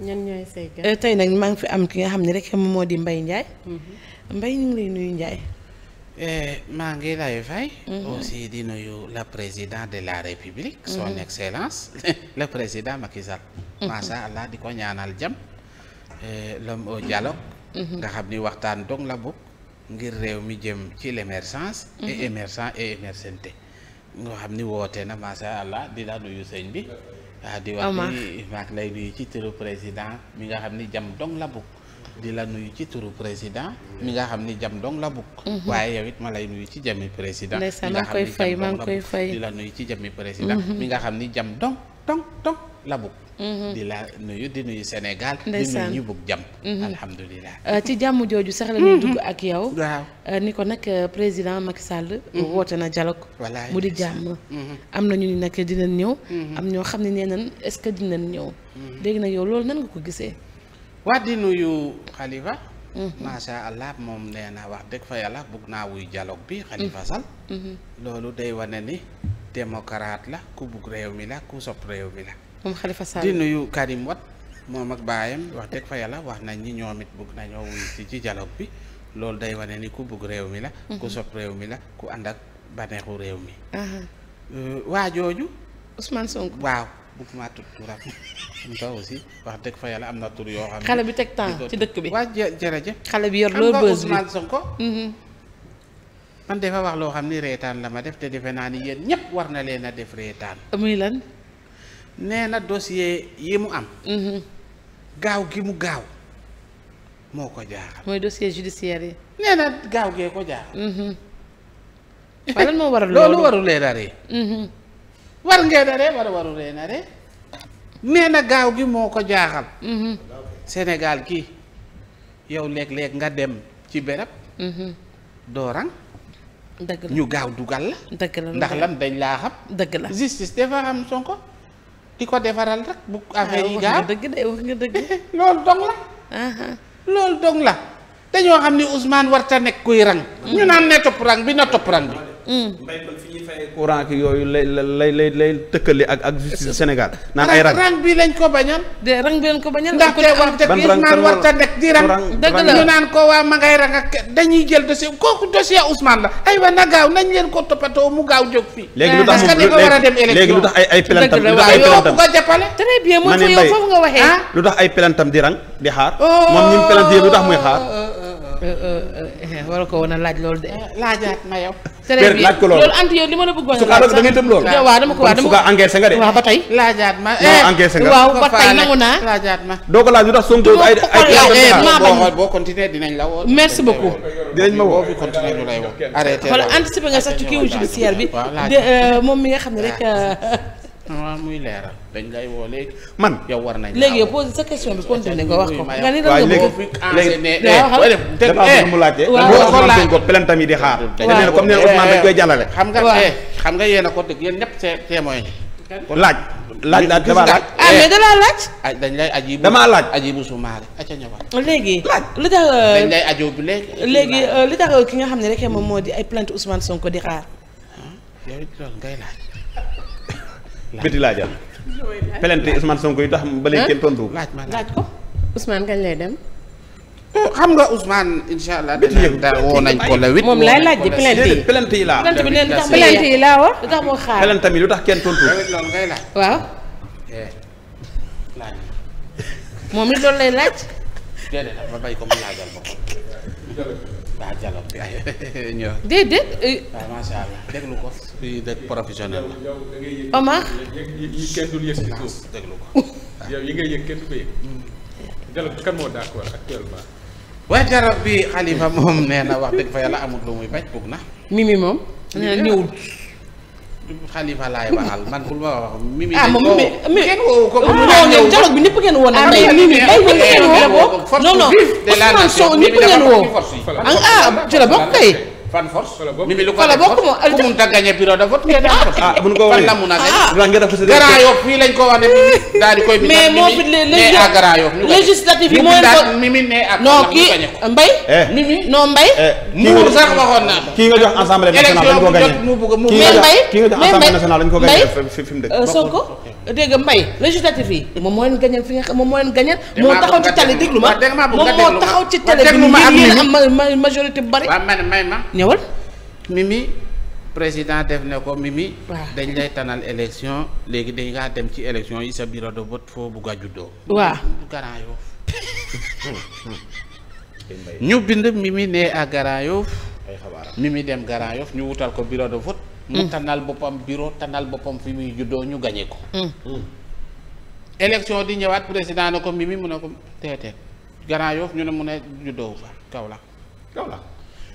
ñan euh, tey nag maa ngi fi am ki nga xam ne rek moo di mbay Ndiaye. Mm-hmm. mbay ñu ngi lay nuyu Ndiaye. Euh, maa ngi lay fay. Mm-hmm. aussi di nuyu la président de la république. son mm-hmm. excellence le président Macky Sall. allah di ko ñaanal jam euh, l'homme au dialogue. nga xam ni waxtaan dong la bokk. ngir réew mi jëm ci l'émergence. et émergent et émergente. nga xam ni woote na macha allah di la nuyu sëñ bi. waaw ah, di wax ni lay nuyu ci turu président mi nga xam ni jam dong la bugg di la nuyu ci turu président mi nga xam ni jam dong la bugg mhm. waaye yow ma lay nuyu ci jami président mi nga xam ni jam dong la bugg di la nuyu ci jami président mhm. mi nga xam ni jam dong dong dong Labouk mm-hmm. di la nuyu di nuyu Sénégal di nuyu ñu bugg jàmm mm-hmm. alhamdulilah euh, ci jàmm jooju sax mm-hmm. ak yow euh, ni ko nag euh, président Macky Sall na dialogue mu am na ñu ni nag dinañ ñëw ñoo xam ne nee nañ ce que dinañ ñëw léegi nag yow loolu nan ko gisee waa di nuyu Khalifa moom nee na fa yàlla bugg naa wuy dialogue bi Khalifa loolu day wane ni démocrate la ku bugg réew mi la ku sopp réew mi la moom Khalifa Sall di nuyu Karim Wade moom ak baayam wax dëgg fa yàlla wax nañ ni ñoom it bëgg nañoo wuyu si ci dialogue bi loolu day wane ni ku bëgg réew mi la. Mhm. ku sopp réew mi la ku ànd ak baneexu réew mi. Euh, waa jooju. Ousmane Sonko waaw. bëgg maa tudd turam wax dëgg fa yàlla am na tur yoo xale bi teg temps ci dëkk bi waa jërëjëf xale bi yor loo bës bi Ousmane Sonko mhm. man dafa wax loo xam ni reetaan la ma def te defe naa ni yéen ñëpp war na leen a def reetaan muy lan nee na dossier yi mu am. Mhm. gaaw gi mu gaaw moo ko jaaxal. mooy dossier judiciaire yi. nee gaaw gee ko jaaxal. Mhm. waaw lan moo waral loolu warulee daree. Mhm. war ngee daree war warulee daree. nee na gaaw gi moo ko jaaxal. Sénégal gi yow léeg-léeg nga dem ci béréb. doorang. dëgg la ñu gaaw dugal la. dëgg la ndax lan dañ laa xam. dëgg la justice dafa xam Sonko. di ko defaral rek bu ah, affaire yi gaaw dëgg de wax nga dëgg loolu dong la loolu dong la dañoo xam ni Ousmane warta nekk kuy rang mm. ñu naan ne topp rang bi na topp rang bi Mm. mbay ki yooyu lay lay lay tëkkale ak Sénégal naan ay rang bi lañ ko bañal de bi lañ ko bañal ndax te wax te Ousmane war ta nekk di rang dëgg la ñu naan ko waa ma ngay rang ak dañuy jël dossier kooku dossier Ousmane la ay wa na gaaw nañ leen ko toppatoo mu gaaw jóg fii léegi lu tax parce que dafa war a dem élection lu tax ay ay pelantam lu tax ay pelantam di rang di xaar moom ñi oh. pelant yi lu tax muy xaar oh. Euh, euh, euh, eh, war ko woon a laaj loolu de. Ah, laajaat ma yow. père laaj ko loolu anti yow li ma la bëggoon a laaj sax da ngeen nga de. Eh. waaw ba tey nangu naa. doo ko laaj lu tax Sonko ay ay eh, ay boo la woo. ma woo boo fi continuer ñu mi nga xam ne rek. waaw muy leeral dañ lay woo man yow war nañ léegi yow pose sa question bi continuer nga wax ko nga ni lan nga bëgg eh. mu laajte ko plainte yi di xaar dañ comme neen Ousmane dañ koy eh, jàllale xam nga eh, xam a ko dëgg yéen ñëpp témoin laaj laaj laaj damaa ah, laaj. ah mais dalaa laaj. ay dañ lay aji bu damaa laaj aji bu sumaare aca ñëwaat. léegi li tax euh, dañ lay ajo bi léegi. léegi euh, li tax euh, ki nga xam ne rek moom moo di ay plainte Ousmane Sonko di xaar. Ah, yow it loolu bëti laajal. pelente Ousmane Sonko yi tax ba léegi kenn tontu. laaj ma laaj ko Ousmane kañ lay dem. Eh, xam nga Ousmane incha allah dina woo nañ la moom lay laaj ji plainte yi plainte yi laa plainte bi laa wax lu tax moo xaar plainte mi lu tax kenn tontu waaw eh, moom it loolu lay laaj déedéet ba waaw dialogue bi ay ñëw. déedéet. waaw euh, macha allah déglu ko. fii dëkk professionnel la. Omar. yi kenn bi kan moo d'accord actuellement. waaye dialogue bi Khalifa moom nee na wax dëgg fa yàlla amul lu muy bañ bugg na. mimi moom. nee na xalifa a waxal man pour ma wax. mimi ah moom mi mi kenn woo ah, ko. dialogue bi ñëpp ngeen woo nag. mais mimi day ñëpp ngeen woo. non non Ousmane Sonko ñëpp ngeen woo. Ah, ah ci la bokk fan force. fan bokk mi mi lu ko def ku mun ta gagné bureau de vote. Ah, ah mun ko wane fan la mun a gagné. Ah. Grand Yoff fii lañ ko wax ne mimi daal di koy. mais moom it nee à Grand Yoff ñu législative yi mooy ko mimi nee à. non kii Mbaye. Eh. mimi non Mbaye. Eh, muur sax waxoon naa ko. kii nga jox assemblée nationale lañ ko gagné mu bëgg mu. kii nga jox assemblée nationale lañ ko gagné fi fi mu dëkk. Euh, Sonko dégg nga Mbaye législative yi moom moo leen gagné fi nga moom moo leen gagné. moo taxaw ci télé déglu ma moom moo taxaw ci télé bi. déglu ma am majorité bu bari ñëwal. Mimi président def ne ko Mimi. dañ lay tanal élection léegi dañ ngaa dem ci élection yi sa biro de vote foo bugg a juddoo. waaw Grand Yoff. ñu bind Mimi nee à Grand Yoff. Mimi dem Grand Yoff ñu wutal ko bureau de vote. mu mm. tanal boppam bureau tanal boppam fi muy juddoo ñu gañe ko. Mm. Mm. élection di ñëwaat président ne ko Mimi mu ne ko teetee Grand Yoff ñu ne mu ne juddoo fa Kaolack Kaolack.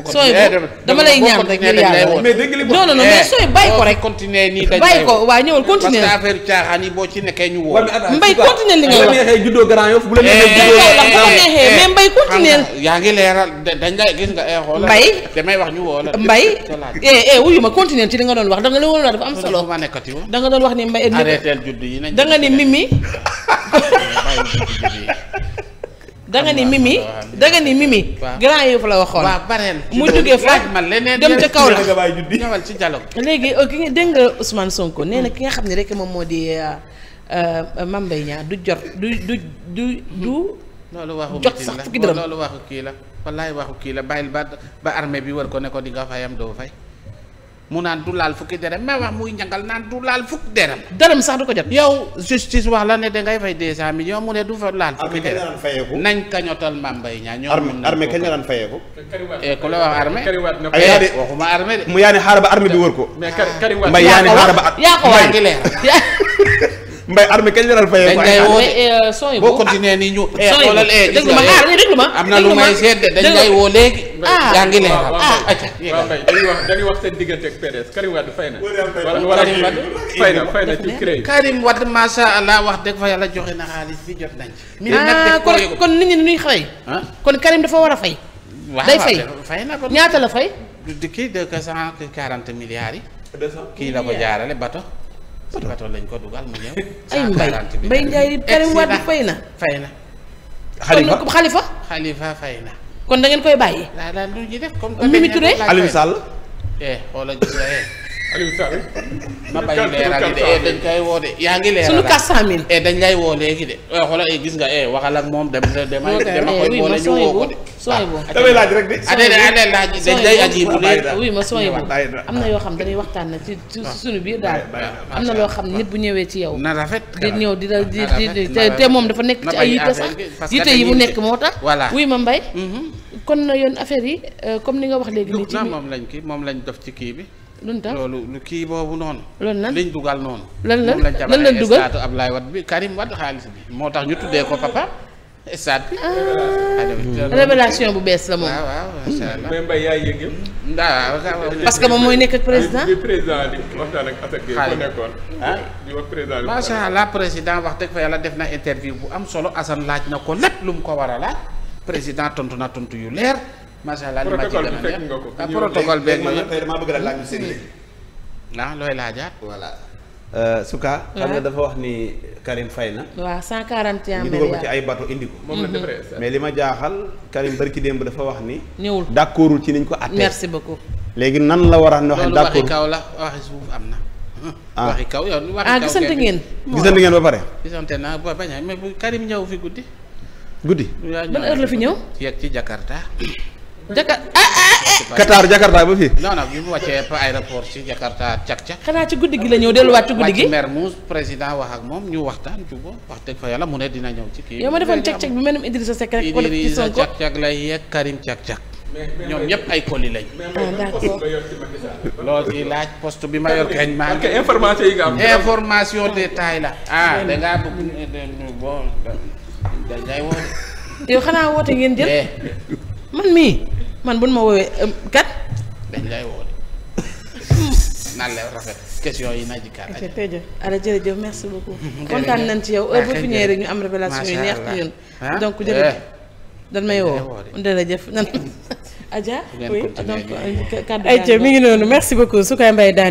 sooy eh, dama lay ñaan rek ngir yàlla mais dégg li non non eh, mais sooy bàyyi ko rek continuer bàyyi ko waaw ñëwal continuer boo ci nekkee ñu woo mbay continuer li ngay wax bu la la neexee eh, mais mbay continuer yaa ngi leeral dañ lay gis nga xool mbay damay wax ñu woo la mbay eh eh wuyu ma continuer ci li nga doon wax da la woon wax dafa am solo da nga doon wax ni mbay arrêteel judd yi da nga ni mimi danga ni mimi danga ni mimi. grand yëf la waxoon. waaw baneen mu jógee fa dem ca kaw la ñëwal ci dialogue. léegi euh, ki dégg nga Ousmane Sonko nee na ki nga xam ne rek moom moo di euh, euh, Mame Mbaye Niang du jot du du du du. loolu waxu jot sax fukki dërëm loolu waxu kii la wallaay waxu kii la bàyyil ba ba armée bi war ko ne ko di nga yam doo fay. mu naan du laal fukki dërëm ma wax muy ñangal naan du laal fukki dërëm. dërëm sax du ko jot. yow justice wax la ne dangay fay 200 millions mu ne du fa laal. fukki dërëm nañ kañotal Mame Mbaye Niang. ñoo mun nañ ko armée kañ la daan fayeeku. Eh, ku la wax armée. waxuma armée de. mu yaa xaaral ba armée bi wër ko. mais Karim Wade yaa ko wax yaa ko mbay armée kañ la doon fayee. dañ lay woo euh, nii ñu. sooy xoolal eh, ah, am na lu may seet dañ lay woo léegi. ah ngi leen ah, ah waaw mbay dañuy diggante ak PDS Karim Wade fay na. wala fay na allah wax dëgg fa yàlla joxe na xaalis bi jot nañ ci. Ah, kon kon nit ñi nuy xëy. kon Karim dafa war a fay. day fay fay na ko ñaata la fay. kii de 140 milliards yi. kii la ko jaarale bato si bato lañ ko dugal mu ñëw. ay mbay mbay Ndiaye Karim Wade fay na fay na. xalifa kon xalifa. xalifa fay na. kon da ngeen koy bàyyi. daal daal lu ñuy def Aliou Sall. ma bàyyi leeral de eh, dañ koy woo de yaa ngi leeral sunu 400000. et eh, dañ lay woo léegi de eh, xoolal gis nga eh waxal ak moom dem sa dem ak dem ak woo la ñu woo ko de. damay laaj rek de. Ah, ah, dañ lay ah, am na yoo xam dañuy waxtaan na suñu biir daal am na loo xam nit bu ñëwee ci yow. na rafet di ñëw di la di di moom dafa nekk ci ay yitte sax yitte yi mu nekk moo tax. voilà oui ma mbay. Mhm. kon na yoon affaire yi euh, comme ni nga wax léegi. moom lañ kii moom lañ def ci kii bi lu tax kii boobu noonu. loolu lan liñ dugal noonu. lan lan lan la dugal moom Ablaye Wade bi Karim Wade xaalis bi moo tax ñu tuddee ko papa. stade bi. Ah. révélation bu bees la moom. waaw waaw macha que moom mooy nekk ak président. bi président ah? di wax président. macha allah fa yàlla def na interview bu am solo Assane laaj na ko lépp lu mu ko war a laaj président tontu na tontu yu leer. macha allah li ma ci demee protocole bi fekk nga ko. ah protocole beeg man tey damaa bëgg la laaj seen léegi. ah looy laajaat. voilà euh, Souka. Ah. xam dafa wax ni Karim fay na. waaw 141 milliards ñu dugal ko ci ay bateau indi ko. Mhm. mais li ma jaaxal Karim bari démb dafa wax ni. ñëwul d'accordul ci niñ ko àttee. ba ko léegi nan la war a wax d'accord loolu waxi kaw la waxi suuf am na. ah waxi kaw yow waxi ah, kaw ah gisante ngeen. gisante ngeen ba pare. gisante naa ba bañ a mais Karim ñëw fi guddi. guddi. ban heure la fi ñëw. yeeg ci Jakarta. Jaka ah ah. Qatar Jakarta ba fii. non bi mu wàccee aéroport ci Jakarta cak cak. xanaa ci guddi gi la ñëw delluwaat ci guddi gi. Mermoz président wax ak moom ñu waxtaan ci bo wax dëgg fa yàlla mu ne dina ñëw ci kii. yow ma defoon cak cak bi ma ne Idrissa Seck lay yegg Karim cak cak. ñoom ñëpp ay colis lañ. loolu ci laaj post bi ma yor kañ maa ngi. information yi nga la. ah da ngaa yow xanaa woote ngeen jël. man mii man bu buñ ma woowee euh, kat. dañ lay woo de naan yi naa jikkaat. ok tey jërëjëf ala merci beaucoup. kontaan nañ ci yow heure bu ñu am révélation yi neex ci ñun. donc jërëjëf eh. dañ may woo jërëjëf nan. Adja oui donc euh, kàddu ayca mi ngi noonu merci beaucoup su koy mbay daane.